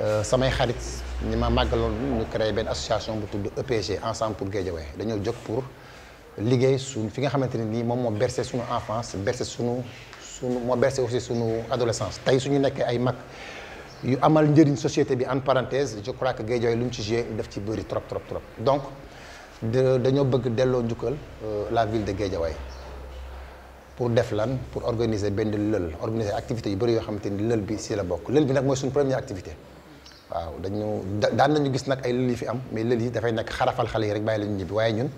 Euh, samay xarit ni ma màggaloon ñu créer ben association bu tudd EPG ensemble pour Guédiawaye dañoo jóg pour liggéey suñ fi nga xamanteni ni mom mo bercer bercé suñu enfance bercer suñu suñu mo bercer aussi suñu adolescence tay suñu nekkee ay mak yu amal njëriñ société bi en parenthèse je crois que Guédiawaye lu ci joué def ci beuri trop trop trop donc dañoo bëgg delloo ñukël euh, la ville de Guédiawaye pour def lan pour organiser ben leul organiser activité yu bëri yo xamanteni leul bi si la bok leul bi nak moy suñu première activité waaw dañu daan nañu gis nag ay lël yi fi am mais lël yi dafay nekk xarafal xale yi rek bàyyi leen ñibbi waaye ñun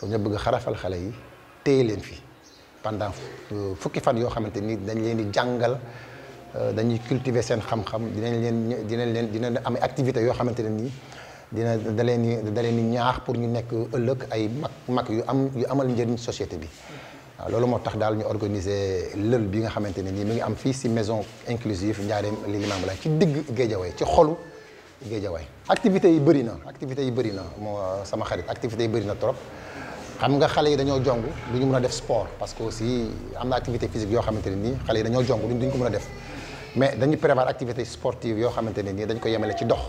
dañoo bëgg xarafal xale yi téye leen fi pendant fukki fan yoo xamante ni dañ leen di jàngal dañuy cultiver seen xam-xam dinañ leen dinañ leen dina am activité yoo xamante ne nii dina da leen di da leen di ñaax pour ñu nekk ëllëg ay mag mag yu am yu amal njëriñ société bi waaw loolu moo tax daal ñu organiser lël bi nga xamante ne nii mi ngi am fii si maison inclusive Njaareem li Limaam Laay ci digg Géejawaay ci xolu géejawaay activités yi bëri na activités yi bëri na moo sama xarit activité yi bëri na trop xam nga xale yi dañoo jong du ñu mun a def sport parce que aussi am na activité physique yoo xamante ne nii xale yi dañoo jong duñ ko mën a def mais dañu prévoir activité sportive yoo xamante ne nii dañ ko yemale ci dox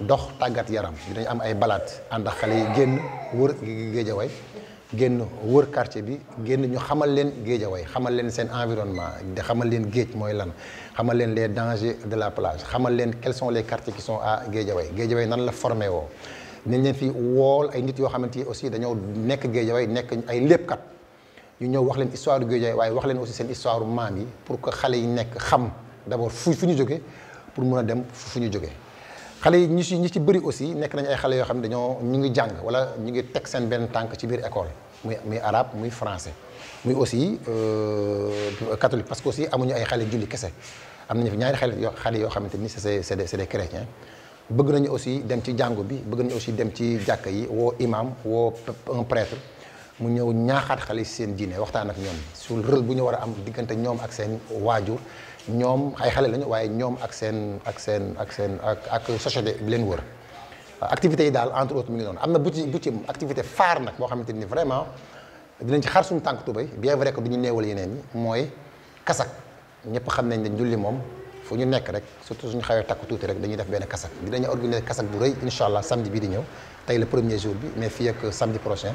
dox tàggat yaram dinañ am ay balade ànd xale yi génn wër géejawaay génn wër quartier bi génn ñu xamal leen géejawaay xamal leen seen environnement xamal leen géej mooy lan xamal leen les dangers de la plage xamal leen quels sont les quartiers qui sont à géejawaay géejawaay nan la formé woo nañ leen fi wool ay nit yoo xamante aussi dañoo nekk géejawaay nekk ay léppkat ñu ñëw wax leen histoire géejawaay waaye wax leen aussi seen histoire maam yi pour que xale yi nekk xam d'abord fu fu ñu jóge pour mun a dem fu ñu jóge xalé ñi ñu si ci bëri aussi nek nañ ay xalé yo xam ne dañoo ñu ngi jàng wala ñi ngi tek seen benn tànk ci biir école muy muy arabe muy français muy aussi euh, catholique parce que aussi amuñu ay xalé julli kese am nañu fi ñaari xale yoo xale yoo xamante ni c'est c'est des c'est des chrétiens bëgg nañu aussi dem ci jàngu bi bëgg nañu aussi dem ci jàkka yi woo imam woo un prêtre mu ñëw ñaaxaat xale si seen diine waxtaan ak ñoom sul rël bu ñu war a am diggante ñoom ak seen waajur ñoom ay xale lañu waaye ñoom ak seen ak seen ak seen ak ak société bi leen wër activités yi daal entre autres mu ngi noonu am na bu ci bu ci activité faar nag boo xamante ni vraiment dinañ ci xar suñu tànk tubéy bien vrai que du ñu néewal yeneen yi mooy kasak ñëpp xam nañ ne julli moom fu ñu nekk rek surtout suñu xawee takku tuuti rek dañuy def benn kasak dinañu organiser kasak bu rëy incha allah samedi bii di ñëw tey le premier jour bi mais fii ak samedi prochain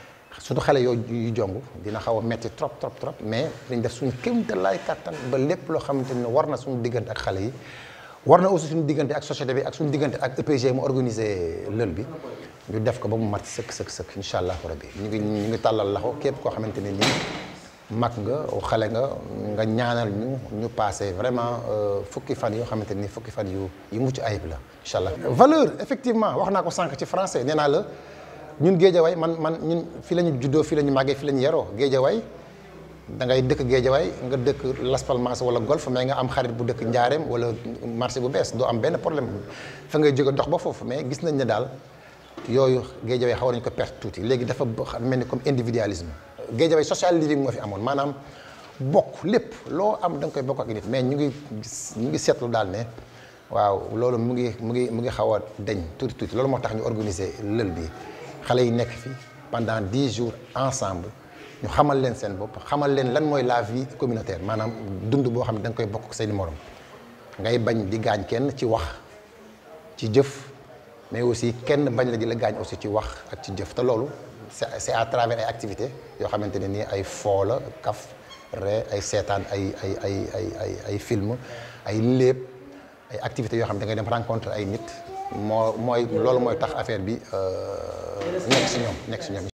suñu xale yo yu jongu dina xawa metti trop trop trop mais dañ def suñu lay katan ba lépp lo xamanteni warna suñu diggante ak xale yi warna aussi suñu diggante ak société bi ak suñu diggante ak EPG mu organiser leul bi ñu def ko ba mu mat sëkk sëkk sëkk inshallah rabbi ñu ngi ñu ngi tàllal laxo képp ko xamanteni ni mak nga xale nga nga ñaanal ñu ñu passé vraiment fukki fan yo xamanteni fukki fan yu yu mucc ayib la inshallah valeur effectivement wax naa ko sank ci français néna la ñun géejawaay man man ñun fi lañu juddoo fi lañu màggee fi lañu yaroo géejawaay da ngay dëkk géejawaay nga dëkk Las Palmas wala golf mais nga am xarit bu dëkk njaareem wala marché bu bees doo am benn problème fa ngay jóge dox ba foofu mais gis nañ ne xaw nañ ko perte dafa mel comme individualisme géejawaay social living moo fi amoon maanaam bokk lépp loo am da nga koy bokk ak nit mais ñu ngi ñu ngi seetlu daal ne waaw loolu mu ngi mu ngi mu ngi xaw deñ tuuti tuuti loolu moo tax ñu organiser lël bi xalé yi nek fi pendant 10 jours ensemble ñu xamal leen seen bopp xamal leen lan moy la vie communautaire manam dund bo xam dang koy bokk ak seeni morom ngay bañ di gañ kenn ci wax ci jëf mais aussi kenn bañ la di la gaañ aussi ci wax ak ci jëf te loolu c'est à travers ay activités yo xamante ni ay foo la kaf ré ay sétane ay ay ay ay ay film ay léeb ay activités yo xam ne da ngay dem rencontre ay nit moi, moi, qui moi, tax affaire bi euh,